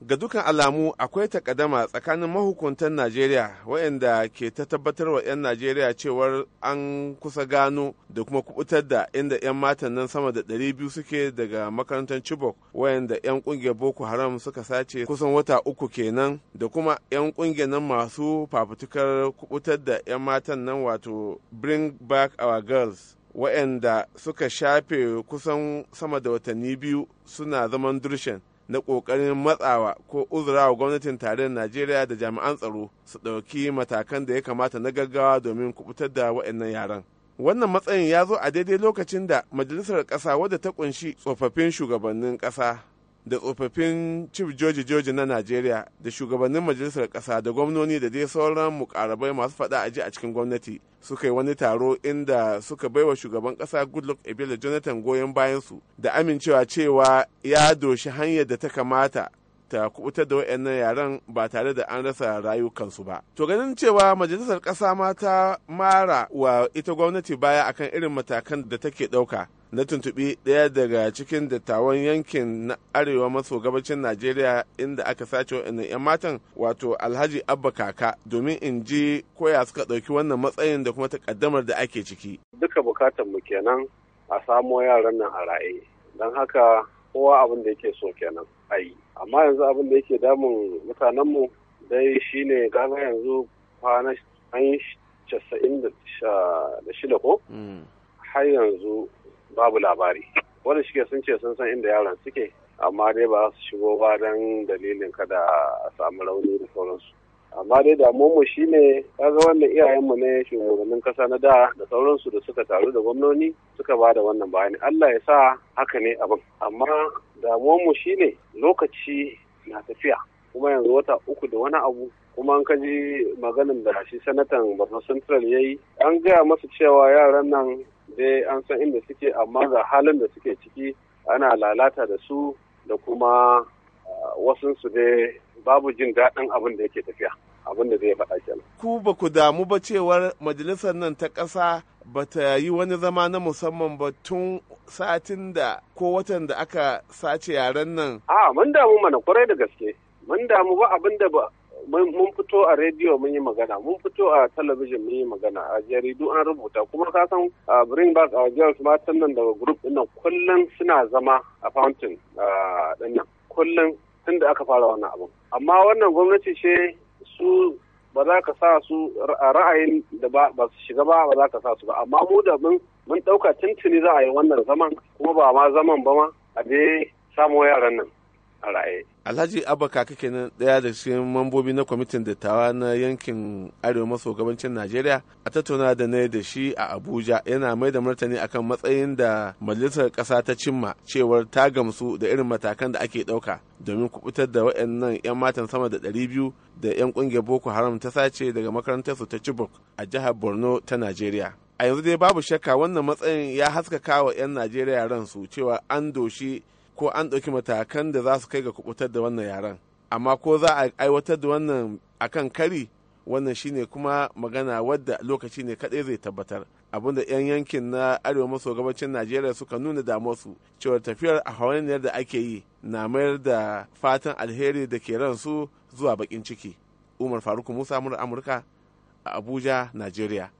ga dukan alamu akwai takadama tsakanin mahukuntan najeriya waɗanda ke ta tabbatar wa 'yan najeriya cewar an kusa gano da kuma kubutar da inda 'yan matan nan sama da 200 suke daga makarantar chibok waɗanda 'yan ƙungiyar boko haram suka sace kusan wata uku kenan da kuma 'yan ƙungiyar nan masu fafutukar kubutar da 'yan matan nan wato bring back our girls waɗanda suka shafe kusan sama da watanni biyu suna zaman durshen na ƙoƙarin matsawa ko uzurawa gwamnatin tarayyar najeriya da jami'an tsaro su ɗauki matakan da ya kamata na gaggawa domin kubutar da waɗannan yaran wannan matsayin ya zo a daidai lokacin da majalisar ƙasa wadda ta ƙunshi tsofaffin shugabannin ƙasa da tsofaffin chief joji joji na najeriya da shugabannin majalisar kasa da gwamnoni da dai sauran mukarabai masu faɗa aji a cikin gwamnati suka yi wani taro inda suka baiwa shugaban kasa goodluck ebele jonathan goyon bayansu da amincewa cewa ya doshi hanyar da ta kamata ta kubutar da wayannan yaran ba tare da an rasa rayukansu ba. To ganin cewa majalisar kasa ma ta mara wa ita gwamnati baya akan irin matakan da take ɗauka na tuntuɓi ɗaya daga cikin dattawan yankin na arewa maso gabacin najeriya inda aka sace wa'annan 'yan matan wato alhaji abba kaka domin in ji koya suka ɗauki wannan matsayin da kuma takaddamar da ake ciki duka bukatar mu kenan a samo yaran nan a raye don haka kowa abin da yake so kenan a yi amma yanzu abin da yake damun mutanen mu dai shine kaga yanzu kwana an yi da shida ko mm. har yanzu babu labari wanda shi sun ce sun san inda yaran suke amma dai ba su shigo ba don dalilin kada a samu rauni da sauransu amma dai damuwanmu shi ne kaga wannan iyayenmu ne shugabannin kasa na da da sauransu da suka taru da gwamnoni suka ba da wannan bayani allah ya sa haka ne abin amma damuwanmu shi ne lokaci na tafiya kuma yanzu wata uku da wani abu kuma an kaji maganin da shi sanatan borno central ya yi an gaya masu cewa yaran nan dai an san inda suke amma ga halin da suke ciki ana lalata da su da kuma ah, wasunsu dai babu jin daɗin abin da yake tafiya abin da zai faɗa kenan. Ku ba ku damu ba cewar majalisar nan ta ƙasa ba ta yi wani zama na musamman ba tun satin da ko watan da aka sace yaren nan. A ah, mun damu mana kwarai da gaske. Mun damu ba abin da ba mun fito a rediyo mun yi magana mun fito a talabijin mun yi magana a jaridu an rubuta kuma ka san bring back our girls matan nan daga group ɗin nan kullum suna zama a fountain din nan kullum tun da aka fara wannan abu amma wannan gwamnati ce su ba za ka sa su ra'ayin da ba su shiga ba ba za ka sa su ba amma mu da mun mun dauka tuntuni za a yi wannan zaman kuma ba ma zaman ba ma a je samu yaran nan a raye. Alhaji Abaka kake nan ɗaya da cikin mambobi na kwamitin dattawa na yankin Arewa maso gabancin Najeriya a tattauna da na da shi a Abuja yana mai da martani akan matsayin da majalisar kasa ta cimma cewar ta gamsu da irin matakan da ake ɗauka domin kubutar da waɗannan 'yan matan sama da ɗari biyu da 'yan ƙungiyar Boko Haram ta sace daga makarantarsu ta Chibok a jihar Borno ta Najeriya. A yanzu dai babu shakka wannan matsayin ya haskaka wa 'yan Najeriya ransu cewa an doshi ko an ɗauki matakan da za su kai ga kubutar da wannan yaren amma ko za a aiwatar da wannan akan kari wannan shine kuma magana wadda lokaci ne kaɗai zai tabbatar abinda 'yan yankin na arewa maso gabacin najeriya suka nuna damarsu cewa tafiyar a hawaniyar da ake yi na mayar da fatan alheri da ke ran su zuwa bakin ciki umar faruk musa mura amurka a abuja najeriya